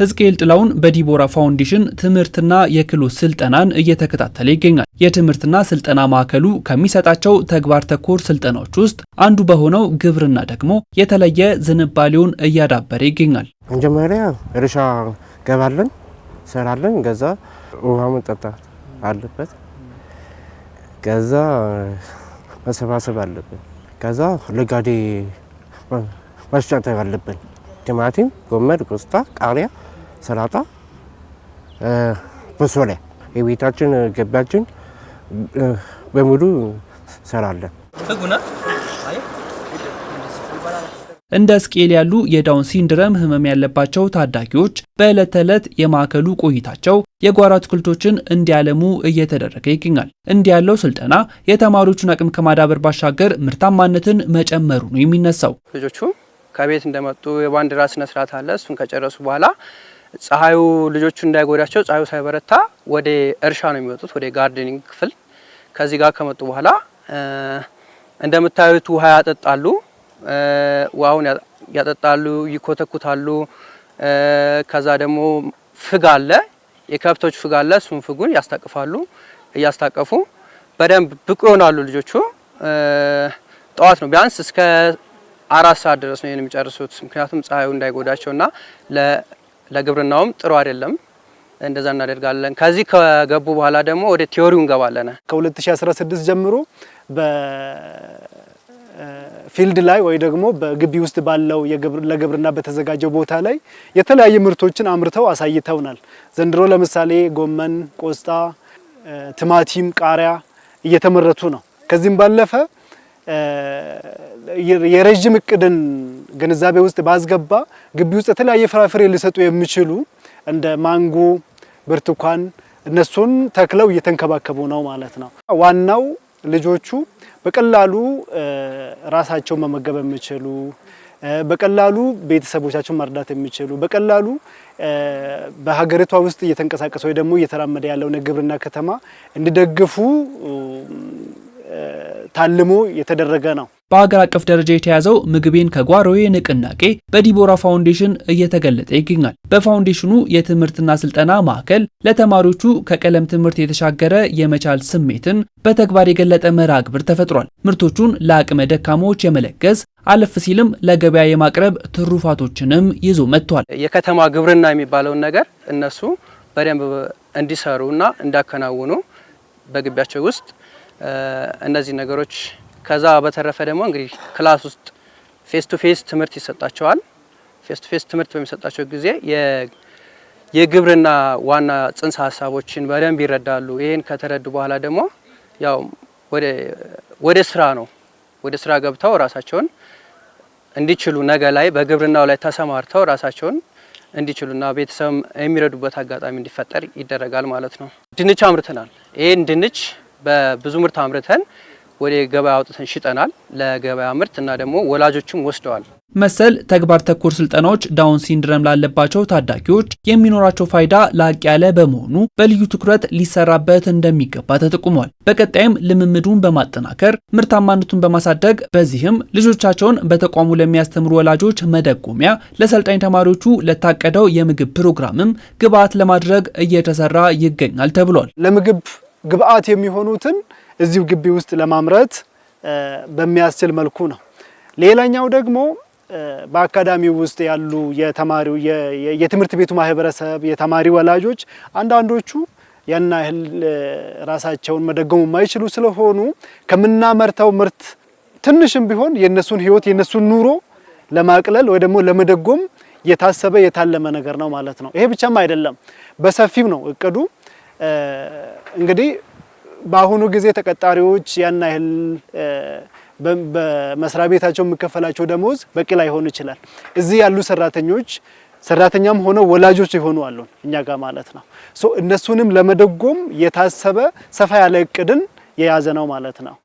ህዝቅኤል ጥላውን በዲቦራ ፋውንዴሽን ትምህርትና የክህሎት ስልጠናን እየተከታተለ ይገኛል። የትምህርትና ስልጠና ማዕከሉ ከሚሰጣቸው ተግባር ተኮር ስልጠናዎች ውስጥ አንዱ በሆነው ግብርና ደግሞ የተለየ ዝንባሌውን እያዳበረ ይገኛል። መጀመሪያ እርሻ ገባለን፣ ሰራለን፣ ገዛ ውሃ መጠጣት አለበት፣ ገዛ መሰባሰብ አለብን፣ ከዛ ለጋዴ ማስጫጠር አለብን። ቲማቲም፣ ጎመን፣ ቁስጣ፣ ቃሪያ ሰላጣ በሶለ የቤታችን ገቢያችን በሙሉ ሰራለን። እንደ ስቄል ያሉ የዳውን ሲንድረም ህመም ያለባቸው ታዳጊዎች በዕለት ተዕለት የማዕከሉ ቆይታቸው የጓሮ አትክልቶችን እንዲያለሙ እየተደረገ ይገኛል። እንዲህ ያለው ስልጠና የተማሪዎቹን አቅም ከማዳበር ባሻገር ምርታማነትን መጨመሩ ነው የሚነሳው። ልጆቹ ከቤት እንደመጡ የባንዲራ ስነስርዓት አለ። እሱን ከጨረሱ በኋላ ፀሐዩ ልጆቹ እንዳይጎዳቸው ፀሐዩ ሳይበረታ ወደ እርሻ ነው የሚወጡት፣ ወደ ጋርደኒንግ ክፍል። ከዚህ ጋር ከመጡ በኋላ እንደምታዩት ውሃ ያጠጣሉ። ውሃውን ያጠጣሉ፣ ይኮተኩታሉ። ከዛ ደግሞ ፍግ አለ፣ የከብቶች ፍግ አለ። እሱን ፍጉን ያስታቅፋሉ። እያስታቀፉ በደንብ ብቁ ይሆናሉ ልጆቹ። ጠዋት ነው ቢያንስ እስከ አራት ሰዓት ድረስ ነው ይህን የሚጨርሱት። ምክንያቱም ፀሐዩ እንዳይጎዳቸውና ለግብርናውም ጥሩ አይደለም። እንደዛ እናደርጋለን። ከዚህ ከገቡ በኋላ ደግሞ ወደ ቲዮሪው እንገባለን። ከ2016 ጀምሮ በፊልድ ላይ ወይ ደግሞ በግቢ ውስጥ ባለው ለግብርና በተዘጋጀው ቦታ ላይ የተለያዩ ምርቶችን አምርተው አሳይተውናል። ዘንድሮ ለምሳሌ ጎመን፣ ቆስጣ፣ ቲማቲም፣ ቃሪያ እየተመረቱ ነው። ከዚህም ባለፈ የረዥም እቅድን ግንዛቤ ውስጥ ባስገባ ግቢ ውስጥ የተለያየ ፍራፍሬ ሊሰጡ የሚችሉ እንደ ማንጎ፣ ብርቱካን እነሱን ተክለው እየተንከባከቡ ነው ማለት ነው። ዋናው ልጆቹ በቀላሉ ራሳቸውን መመገብ የሚችሉ በቀላሉ ቤተሰቦቻቸውን መርዳት የሚችሉ በቀላሉ በሀገሪቷ ውስጥ እየተንቀሳቀሰ ወይ ደግሞ እየተራመደ ያለውን ግብርና ከተማ እንዲደግፉ ታልሞ የተደረገ ነው። በአገር አቀፍ ደረጃ የተያዘው ምግቤን ከጓሮዬ ንቅናቄ በዲቦራ ፋውንዴሽን እየተገለጠ ይገኛል። በፋውንዴሽኑ የትምህርትና ስልጠና ማዕከል ለተማሪዎቹ ከቀለም ትምህርት የተሻገረ የመቻል ስሜትን በተግባር የገለጠ መርሃ ግብር ተፈጥሯል። ምርቶቹን ለአቅመ ደካሞች የመለገስ አለፍ ሲልም ለገበያ የማቅረብ ትሩፋቶችንም ይዞ መጥቷል። የከተማ ግብርና የሚባለውን ነገር እነሱ በደንብ እንዲሰሩና እንዳከናውኑ በግቢያቸው ውስጥ እነዚህ ነገሮች ከዛ በተረፈ ደግሞ እንግዲህ ክላስ ውስጥ ፌስ ቱ ፌስ ትምህርት ይሰጣቸዋል። ፌስ ቱ ፌስ ትምህርት በሚሰጣቸው ጊዜ የግብርና ዋና ጽንሰ ሀሳቦችን በደንብ ይረዳሉ። ይህን ከተረዱ በኋላ ደግሞ ያው ወደ ስራ ነው ወደ ስራ ገብተው ራሳቸውን እንዲችሉ ነገ ላይ በግብርናው ላይ ተሰማርተው ራሳቸውን እንዲችሉና ቤተሰብ የሚረዱበት አጋጣሚ እንዲፈጠር ይደረጋል ማለት ነው። ድንች አምርተናል። ይህን ድንች በብዙ ምርት አምርተን ወደ ገበያ አውጥተን ሽጠናል። ለገበያ ምርት እና ደግሞ ወላጆችም ወስደዋል። መሰል ተግባር ተኮር ስልጠናዎች ዳውን ሲንድረም ላለባቸው ታዳጊዎች የሚኖራቸው ፋይዳ ላቅ ያለ በመሆኑ በልዩ ትኩረት ሊሰራበት እንደሚገባ ተጠቁሟል። በቀጣይም ልምምዱን በማጠናከር ምርታማነቱን በማሳደግ በዚህም ልጆቻቸውን በተቋሙ ለሚያስተምሩ ወላጆች መደጎሚያ፣ ለሰልጣኝ ተማሪዎቹ ለታቀደው የምግብ ፕሮግራምም ግብዓት ለማድረግ እየተሰራ ይገኛል ተብሏል። ለምግብ ግብአት የሚሆኑትን እዚሁ ግቢ ውስጥ ለማምረት በሚያስችል መልኩ ነው። ሌላኛው ደግሞ በአካዳሚው ውስጥ ያሉ የተማሪው የትምህርት ቤቱ ማህበረሰብ፣ የተማሪ ወላጆች አንዳንዶቹ ያን ያህል ራሳቸውን መደገሙ የማይችሉ ስለሆኑ ከምናመርተው ምርት ትንሽም ቢሆን የእነሱን ህይወት የእነሱን ኑሮ ለማቅለል ወይ ደግሞ ለመደጎም የታሰበ የታለመ ነገር ነው ማለት ነው። ይሄ ብቻም አይደለም፣ በሰፊው ነው እቅዱ። እንግዲህ በአሁኑ ጊዜ ተቀጣሪዎች ያን ያህል በመስሪያ ቤታቸው የሚከፈላቸው ደሞዝ በቂ ላይሆን ይችላል። እዚህ ያሉ ሰራተኞች ሰራተኛም ሆነው ወላጆች የሆኑ አሉ እኛ ጋር ማለት ነው። እነሱንም ለመደጎም የታሰበ ሰፋ ያለ እቅድን የያዘ ነው ማለት ነው።